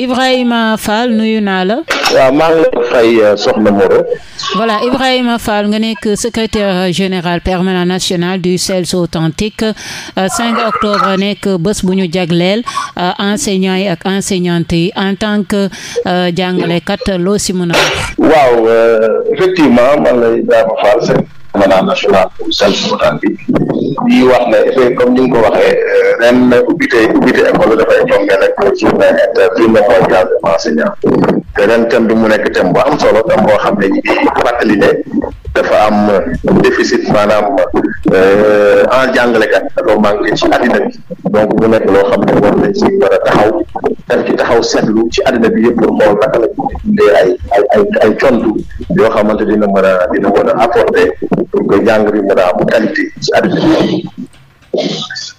Ibrahima Fall nuyu naa la. waaw maa ngi lay fay euh, Soxna Moreau. voilà Ibrahima Fall nga nekk secrétaire général permanent national du SELS authentique euh, octobre nekk bés bu ñu jagleel euh, enseignants yi ak enseignantes yi en tant que jàngalekat loo si mën a waaw effectivement man lay Ibrahima Fall secrétaire permanent authentique di wax ne comme ni nga ko waxee ren ubbite ubbite école dafay ci vingt a mondiale de l'enseignant te ren thème mu nekk thème boo am solo tam boo xam ne ñi ngi fàttali ne dafa am déficit maanaam euh, en jàngalekat dafa manqué ci àddina bi donc mu nekk loo xam ne war nañ ci war a taxaw def ci taxaw seetlu ci àddina bi yëpp pour xool naka la ñu dundee ay ay ay yoo xamante dina mën a dina mën a apporter pour que jàng bi mën a am qualité ci àddina bi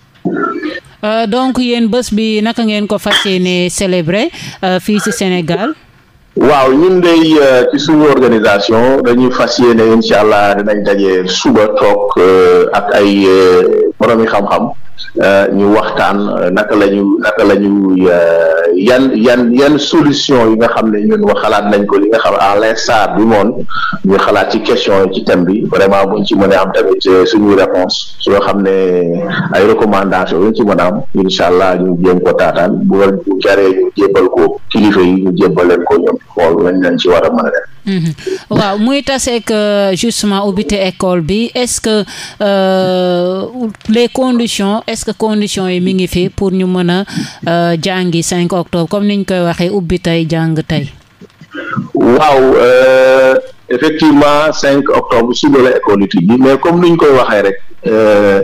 Euh, donc yéen bës bi naka ngeen ko fas yéene célébrer euh, fii si Sénégal. waaw ñun day euh, ci suñu organisation dañuy fas yéene incha allah dinañ daje suba toog ak ay. boroomi xam-xam euh, ñu waxtaan euh, naka la ñu naka la ñu euh, yan yan yan solution yi nga xam ne ñun wax xalaat nañ ko li nga xam à l'instar du moon ñu xalaat ci question yi ci thème bi vraiment buñ ci mënee a am tamit suñuy réponse su nga xam ne ay recommandation yuñ ci mën a am incha allah ñu jéem ko taataan bu bu jaree ñu jébbal ko kilifa yi ñu jébbaleen ko ñoom xool lañ lañ ci war a mën Mhm. waaw muy taseeg euh, justement ubbite école bi est-ce que euh, les conditions est-ce que conditions yi mi ngi fi pour ñu mën a euh, jàngi 5 octobre comme ni niñ koy waxee ubbi tey jàng tey. waaw euh, effectivement cinq octobre suba la école yi bi mais comme niñ koy waxee rek. Euh,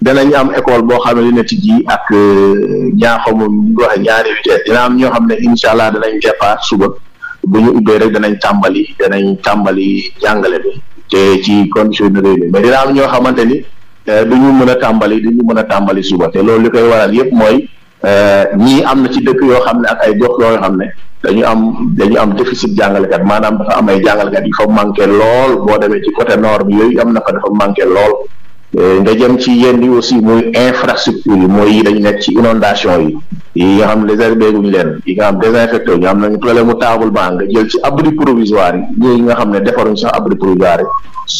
danañ am école boo xam ne dina tijji ak euh, ñaaxamu ñu waxee ñaari vitesse dina am ñoo xam ne incha allah danañ départ suba. bu ñu ubbee rek danañ tàmbali danañ tàmbali jàngale bi te ci condition de réew mi mais dina am ñoo xamante ni euh, du ñu mën a tàmbali du ñu mën a tàmbali suba te loolu li koy waral yépp mooy euh, ñii am na ci dëkk yoo xam ne ak ay gox yoo xam ne dañu am dañu am déficit jàngalekat maanaam dafa am ay jàngalekat yi fa manqué lool boo demee ci côté noor bi yooyu am na fa dafa manqué lool Eh, nga jëm ci yenn yi aussi muy infrastructure yi mooy yi dañu nekk ci inondation yi yi nga xam réservé guñu leen yi nga xam désinfecté ñu am nañu problème mu table banc nga jël ci abri provisoire yi ñii nga xam ne defaruñ sax abri provisoire yi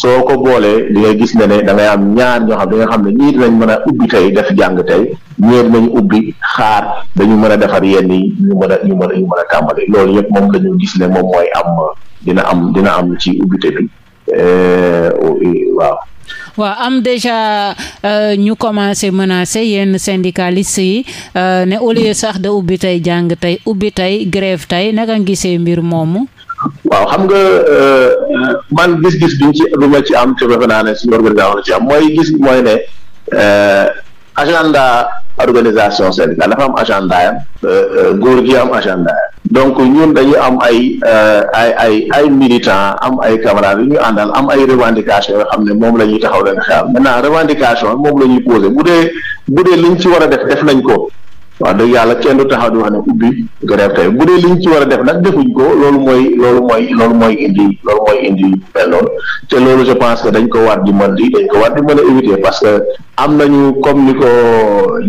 soo ko boolee di nga gis ne ne da am ñaar ñoo xam di nga xam ne ñii dinañ mën a ubbi tey def jàng tey ñii dinañ ubbi xaar dañu mën a defar yenn yi ñu mën a ñu mën a tàmbali loolu yëpp moom la gis ne moom mooy am dina am dina am ci ubbite bi eh, waaw waaw ouais, am déjà euh, ñu euh, commencé menacer yenn syndicalistes yi euh, ne au lieu sax de ubbi tey jàng tey ubbi tey gref tey naka gisee mbir moomu. waaw xam nga euh, man gis-gis bi ma ci am te defe naa ne suñu organisation la ci am mooy gis mooy ne euh, agenda organisation syndicale dafa am agenda yam góor gi am agenda yam donc ñun dañu am ay euh, ay ay ay militants am ay camarades yu ñu àndal am ay revendications yoo xam ne moom la ñuy taxaw leen xaar maintenant revendication moom la ñuy posé bu dee bu dee ñu ci war a def def nañ ko wax dëgg yàlla kenn du taxaw di wax ne ubbi grève tey bu dee li ñu ci war a def nag defuñ ko loolu mooy loolu mooy loolu mooy indi loolu mooy indi mel te loolu je pense que dañ ko waat di mën di dañ ko war di mën a éviter parce que am nañu comme ni ko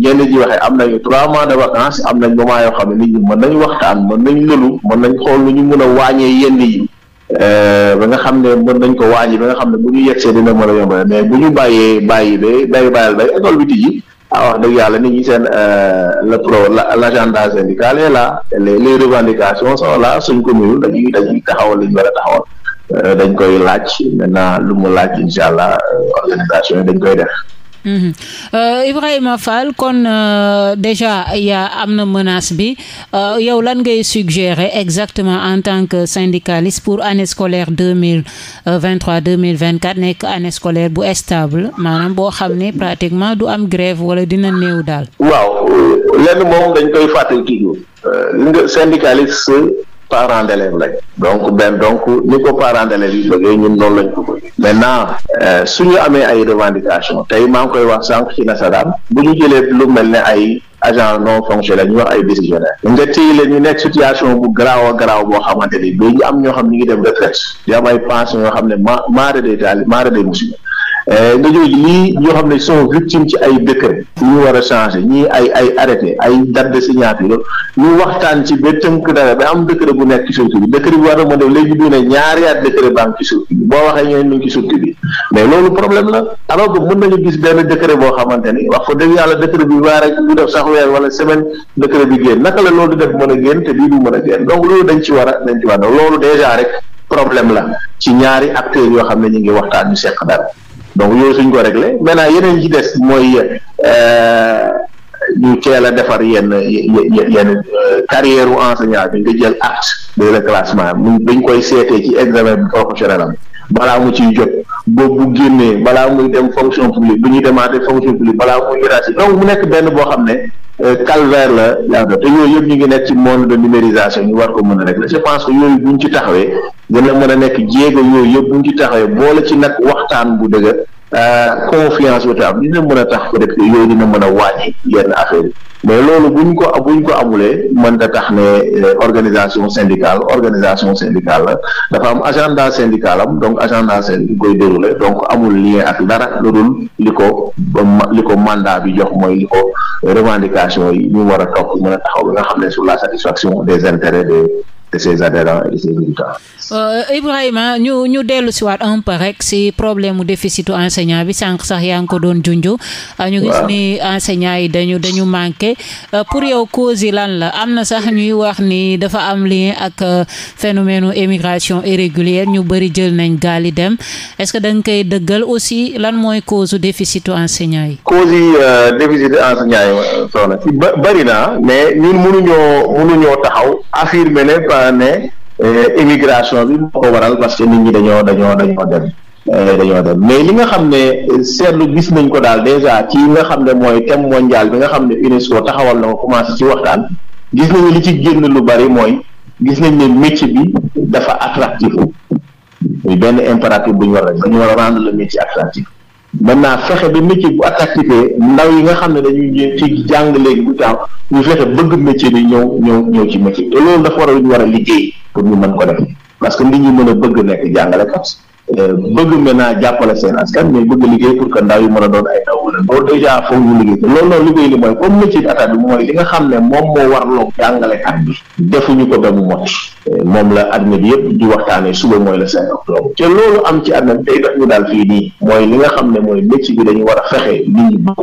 ñenn ji waxee am nañu trois mois de vacances am nañ moment yoo xam ne nit ñi mën nañu waxtaan mën nañ lëlu mën nañ xool lu ñu mën a wàññee yenn yi euh, ba nga xam ne mën nañ ko wàññi ba nga xam ne bu ñu yegsee dina mën a yombal mais bu ñu bàyyee bàyyi ba bàyyi bàyyal bay école ah wax dëgg yàlla nit ñi seen euh, le pro la agenda syndical est la les les revendications la là suñ commune dañuy dañuy taxawal li ñu war a taxawal euh, dañ koy laaj maintenant lu mu laaj incha allah euh, organisation yi dañ koy def. Mmh. Euh, Ibrahima Fall kon euh, déjà yaa am na menace bi euh, yow lan ngay suggérer exactement en tant que syndicaliste pour année scolaire deux mille vingt trois deux mille vingt nekk année scolaire bu stable maanaam boo xam ne pratiquement du am grève wala dina néew daal. waaw euh, lenn moom dañ koy fàttali toujours euh, syndicaliste. parents d'élèves lañ donc benn donc ni ko parents d'élèves yi bëggee ñun noonu lañ ko mais bëggee maintenant euh, suñu amee ay revendications tey maa ngi koy wax sànq ci nasaraan bu ñu jëlee lu mel ni ay agent non fonctionnaire ñu wax ay décisionnaire nga téye leen ñu nekk situation bu garaaw garaw boo xamante ni ba ñu am ñoo xam ñu ngi dem retraite di am ay pension yoo xam ne ma maare des taali maare des musiba Eh, nga jël lii ñoo xam ne sont victimes ci ay décret ñu war a changer ñii ay ay arrêté ay date de signature ñu waxtaan ci ba tënk dara ba am bu nekk ci suuf bi war na mën def léegi ñu ne ñaari at décret baa boo waxee ñooy ñu ci suuf bi mais loolu problème la alors que mën nañu gis benn décret boo xamante ni wax fa dëgg yàlla décret bi waa rek bu def sax weer wala semaine décret bi génn naka la loolu def mën a génn te bii du mën a génn donc loolu dañ ci war a dañ ci war a loolu déjà rek problème la ci ñaari acteurs yoo xam ne ñu ngi waxtaan ñu seq dara donc yooyu suñ ko réglé maintenant yeneen ci des mooy euh, ñu teel a defar yenn yenn euh, carrière u enseignant bi nga jël acte de reclassement mu dañ koy seetee ci examen bi professionnel am balaa mu ciy jot boobu bu génnee balaa muy dem fonction publique bu ñuy demaatee fonction publique balaa muy irasi donc mu nekk benn boo xam ne Euh, calvaire la yàlla te yooyu yëpp ñu ngi nekk ci monde de numérisation ñu war ko mën a régler je pense que yooyu buñ ci taxawee dina mën a nekk jéego yooyu yëpp buñ ci taxawee boole ci nag waxtaan bu dëgër Euh, confiance bi tam dina mën a tax peut-être yooyu dina mën a wàññi yenn affaire mais loolu buñ ko buñ ko amulee mën da tax ne euh, organisation syndicale organisation syndicale dafa am agenda syndical am donc agenda syndical koy déroulé donc amul lien ak dara lu dul li ko li ko mandat bi jox mooy li ko revendication yi ñu war a topp mën a tax bi nga xam ne sur la satisfaction des intérêts des de ses euh, ñu ñu dellu si waat un rek si problème mu déficitu enseignant bi sànq sax yaa ngi ko doon junju ah, ñu gis ni enseignant yi dañu dañu manqué euh, pour yow cause yi lan la am na sax ñuy wax ni dafa am lien ak euh, phénomène émigration irrégulière ñu bëri jël nañ gaal yi dem est-ce que da nga dëggal aussi lan mooy cause déficitu enseignant yi. cause yi déficitu enseignant yi soxna si mais ñun mënuñoo mënuñoo taxaw affirmer ne naa ne eh, immigration bi moo ko waral parce que nit ñi dañoo dañoo dañoo dem eh, dañoo dem mais li nga xam ne seetlu gis nañ ko daal déjà ci nga xam ne mooy thème mondial bi nga xam ne UNESCO taxawal na ko commencé ci waxtaan gis nañu li ci génn lu bari mooy gis nañ ne métier bi dafa attractif muy benn impératif bu ñu war a dañu war a rendre le métier mën naa fexe ba métier bu attractivité ndaw yi nga xam ne dañuy ñëw ci jàng léegi bu taaw ñu fexe bëgg métier bi ñëw ñëw ñëw ci métier te loolu dafa war a lu ñu war a liggéey pour ñu mën ko def parce que nit ñi mën a bëgg nekk jàngale kat Euh, bëgg maintenant jàppale seen askan mais bëgg liggéey pour que ndaw yi mën a doon ay ndaw wala loolu déjà foog ñu liggéey te loolu li nga xam ne moo warloo euh, la àddina bi yëpp di waxtaanee suba le cinq octobre te loolu am ci àddina bi daal fii nii mooy li nga xam ne mooy métier bi dañu war a fexe nit ñi bëgg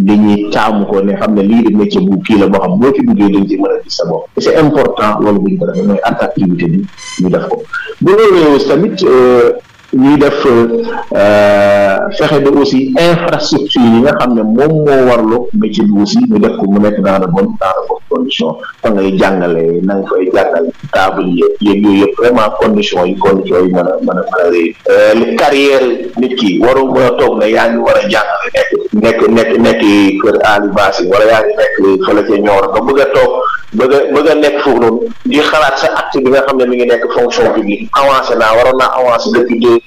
dañuy taamu ko ne xam ne lii de métier bu kii la boo xam boo ci duggee dañ ci mën a gis sa bopp c'est important loolu bu ñu ko mooy attractivité bi ñu def ko bu loolu tamit euh, ñuy def euh, fexe ba aussi infrastructure yi nga xam ne moom moo warloo métier bi aussi ñu def ko mu nekk dans de bonne dans de condition fa ngay jàngale na nga fay jàngal table yëpp yëpp yooyu yëpp vraiment condition yi condition yi mën a mën a mën a réy euh, carrière nit ki waru mën a toog na yaa ngi war a jàngale nekk nekk nekk nekk kër Ali Bass wala yaa ngi nekk fële ca Nioro nga bëgg a toog bëgg a bëgg a nekk foofu noonu di xalaat sa acte bi nga xam ne mu ngi nekk fonction publique avancé naa waroon naa avancé depuis deux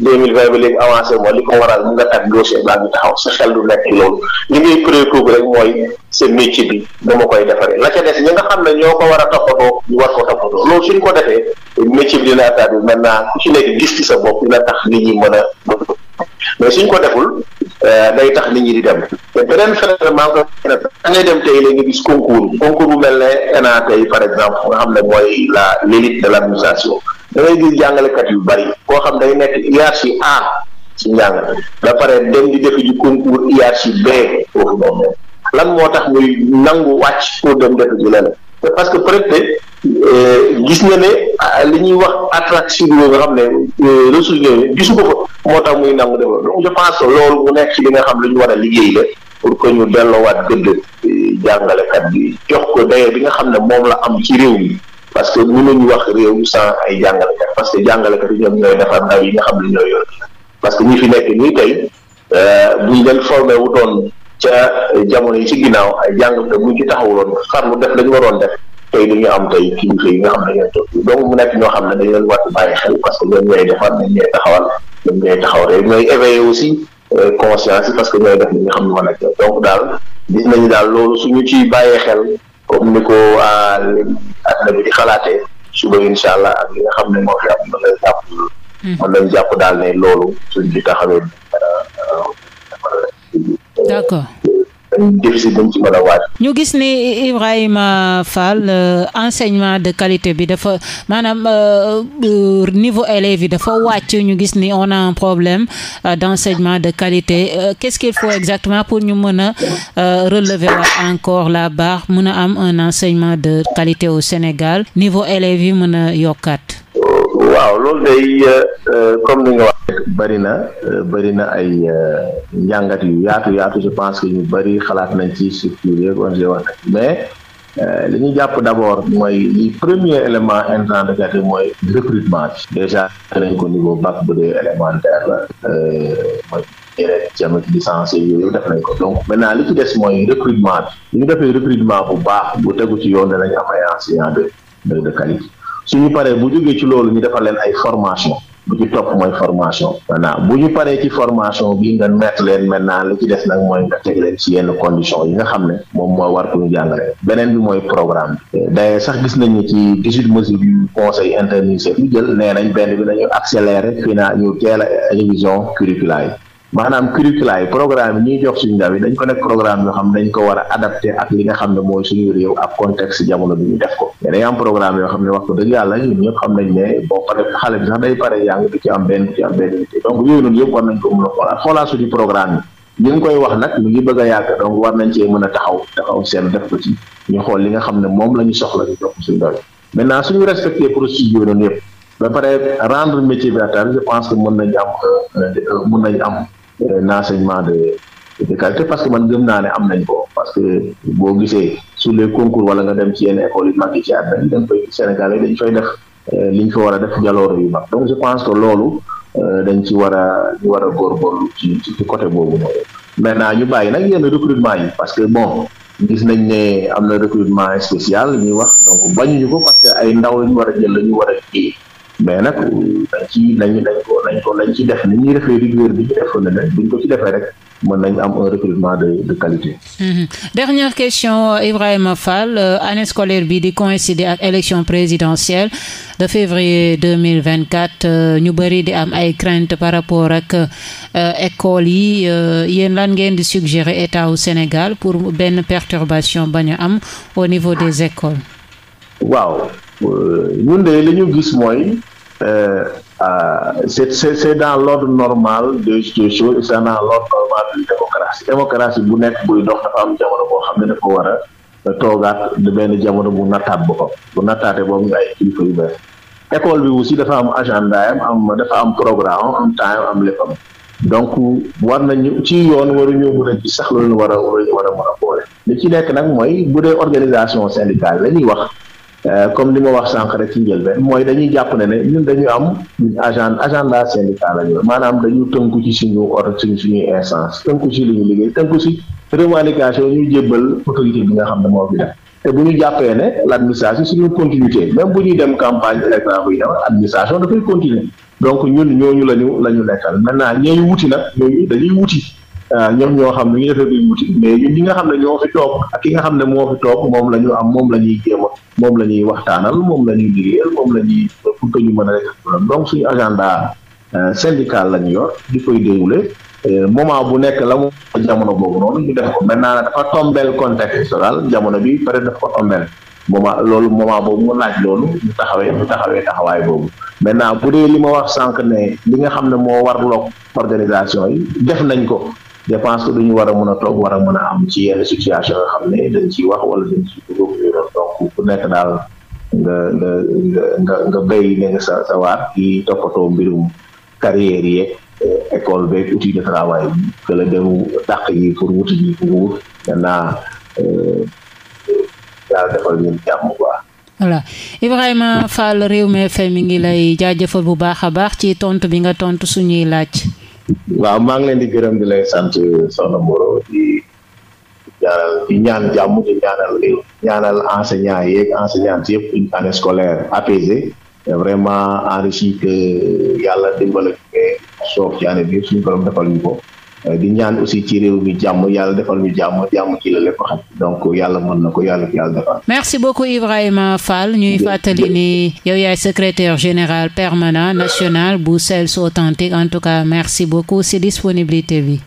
deux mille vingt ba léegi avancé moo li ko waral mu nga tag dossier baa ngi taxaw sa xel du nekk loolu li ngay préoccupé rek mooy sa métier bi dama koy defaree la ca des ñi nga xam ne ñoo ko war a toppatoo ñu war ko toppatoo loolu suñ ko defee métier bi dina taat bi maintenant ku ci nekk gis ci sa bopp dina tax nit ñi mën a mais suñ ko deful Euh, day tax nit ñi di dem te beneen phénomène maa ngi koy da ngay dem tey léegi gis concours concours bu mel ne ENA tey par exemple nga xam ne mooy la l'élite de l'administration da ngay gis jàngalekat yu bari koo xam day nekk hiérarchie A ci njàng da pare dem di defi ji concours hiérarchie B foofu noonu lan moo tax muy nangu wàcc pour dem defi ji leneen parce que peut euh, gis na ne ah, li ñuy wax attraction bi nga xam ne euh, ressources yooyu gisu ba fa moo tax muy nangu defar donc je loolu mu nekk ci li nga xam lu ñu war a liggéey la pour que ñu delloowaat gëdd euh, jàngalekat bi jox ko daye bi nga xam ne moom la am ci réew mi parce que mënuñu wax réew mi sans ay jàngalekat parce que jàngalekat yi ñoom ñooy defar ndaw yi nga xam ne ñooy yor parce que ñi fi nekk nii tey buñ leen formé wutoon ca jamono yi ci ginnaaw ay bu buñ ci taxawuloon mu def dañu waroon def tey dañu am tey kilifa yi nga xam ne ñooy toog donc mu nekk ñoo xam ne dañu leen war a bàyyi xel parce que ñoom ñooy defar ñoom ñooy euh, que ñooy def li xam ne moo nekk donc daal gis nañu daal loolu suñu ci bàyyee xel comme ni ko adduna bi di xalaatee suba incha allah ak li nga xam ne moo fi am mën nañ jàpp hmm. mën nañ daal ne loolu suñ ci taxawee d'accord ñu gis ni Ibrahima Fall euh, enseignement de qualité bi dafa maanaam euh, euh, niveau élèves yi dafa wàcc ñu gis ni on a un problème d'enseignement de qualité qu'est-ce qu'il faut exactement pour ñu mën a relever encore la barre mën a am un enseignement de qualité au Sénégal niveau élèves yi mën a yokkaat waaw loolu day euh, euh, comme ni nga wax bëri na euh, bëri na ay njàngat yu yaatu yaatu je pense que ñu bëri xalaat nañ ci surtout yeeg mais li ñu jàpp d'abord mooy premier élément intrant de gâteau mooy recrutement bi déjà nañ ko niveau bac bu dee élémentaire la mooy yooyu def nañ ko donc maintenant li ci des mooy recrutement bi li ñu defee recrutement bu baax bu tegu ci yoon danañ am ay enseignants de de qualité su ñu paree bu jógee ci loolu ñu defal leen ay formation bu ci topp mooy formation maintenant bu ñu paree ci formation bi nga mettre leen maintenant li ci des nag mooy nga teg leen ci yenn conditions yi nga xam ne moom moo war ko ñu jàngale beneen bi mooy programme bi sax gis nañu ci dix-huit mesures yu conseil interministériel yu jël nee nañ benn bi nañu accélérer fina ñu teel a révision curriculaire yi maanaam curricula yi programme yi ñuy jox suñu ndaw yi dañ ko nekk programme yoo xam dañ ko war a ak li nga xam ne mooy suñu réew ak contexte jamono bi def ko mais dañ am programme yoo xam ne wax ko dëgg yàlla ñun ñëpp nañ ne boo xale bi sax day pare jàng du ci am benn ci am benn donc yooyu war nañ ko mën a xoolaat xoolaat suñu programme yi koy wax nag mu ngi bëgg a yàgg donc war nañ cee mën a taxaw taxaw seen def ñu xool li nga xam ne moom la ñu soxla ñu jox suñu ndaw yi suñu respecté procédure yooyu noonu yëpp ba pare rendre métier bi à je pense que mën nañu am euh, euh, mun nañu am un euh, enseignement de de qualité parce que man gëm naa ne am nañ ko parce que boo gisee sur les concours wala nga dem ci yenn école yi mag yi ci àdduna dem fay yi dañ fay def euh, li ñu fa war a def jaloore yu mag donc je pense que loolu euh, dañ ci war a war a góorgóorlu ci ci côté boobu noonu maintenant ñu bàyyi nag yenn recrutement yi parce que bon gis nañ ne am na recrutement spécial ñuy wax donc bañuñu ko parce que ay ndaw ñu war a jël la ñu war a kii mais nag dañ ci nañ nañ ko nañ ko nañ ci def ni ñuy defee rigueur bi ñu defoon ne buñ ko ci defee rek mën nañ am un recrutement de de qualité. Mhm. dernière question Ibrahima Fall euh, année scolaire bi di coïncider ak élection présidentielle de février deux mille vingt quatre euh, ñu bëri di am ay crainte par rapport ak euh, école yi yéen lan ngeen di suggérer état au Sénégal pour benn perturbation bañ a am au niveau des écoles. waaw. Euh, ñun de li ñu gis mooy euh, c'est c'est c'est dans l'ordre normal de des choses c'est dans l'ordre normal de démocratie démocratie bu nekk buy dox dafa am jamono boo xam ne dafa war a euh, toogaat de benn jamono bu nattaat boppam bu nattaate boobu nga ay kilifa yu bees école bi aussi dafa am agenda am am dafa am programme am temps am léppam donc war ñu ci yoon waruñoo mën a gis sax loolu war war a war mën a boole li ci nekk nag mooy bu dee organisation syndicale la ñuy wax Euh, comme li ma wax sànq rek ci njëlbeen mooy dañuy jàpp ne ne ñun dañu am agent agenda syndical la ñu maanaam dañu tënku ci suñu or suñ suñuy instance tënku ci li ñu liggéey tënku ci revendication ñu jébbal autorité bi nga xam ne moo fi def te bu ñu jàppee ne l' administration suñu continuité même bu ñuy dem campagne électorale buy dem administration dafay continuer donc ñun ñooñu la ñu la ñu nekkal maintenant ñooñu wuti nag ñooñu dañuy wuti Euh, ñoom ñoo xam ne ñu defee duñ wuti mais ñun nga xam ne ñoo fi toog ak ki nga xam ne moo fi toog moom la ñu am moom la ñuy jéem moom la ñuy waxtaanal moom la ñuy liggéeyal moom la ñuy pour que ñu mën a rek donc suñu euh, la ñu yor di koy déroulé euh, moment bu nekk la mu jamono boobu noonu ñu def ko maintenant dafa tombeel contexte daal jamono bi peut-être ko tombeel moment loolu moment boobu mu laaj loolu ñu taxawee ñu taxawee taxawaay boobu maintenant bu dee li ma wax sànq ne li nga xam ne moo warloo organisation yi def nañ ko je pense que duñu war a mën a toog war a mën a am ci yenn situation yoo xam ne dañ ciy wax wala dañ ciy dugg ñu doon donc ku nekk daal nga nga nga nga béy sa sa waat kii toppatoo mbirum carrière yeeg eh, école beeg outil de travail bi que la yi pour wuti ji pour wut naa daal eh, defal ñun jàmm quoi. voilà Ibrahima Fall Rewmi FM mi ngi lay jaajëfal bu baax a baax ci tontu bi nga tontu suñuy laaj. waaw maa ngi leen di gërëm di lay sant soxna Moro di ñaanal di ñaan jàmm di ñaanal réew ñaanal enseignants yeeg enseignantes yëpp une année scolaire apaisée vraiment enrichi que yàlla dimbale soof ci année bi suñu borom defal ñu ko Euh, di ñaan aussi ci réew mi jàmm yàlla defal ñu jàmm jàmm ci la lépp xam donc yàlla mon na ko yàlla yàlla defal. merci beaucoup Ibrahima Fall ñuy fàttali ni yow yaay secrétaire général permanent national bu SELS authentique en tout cas merci beaucoup si disponibilité bi.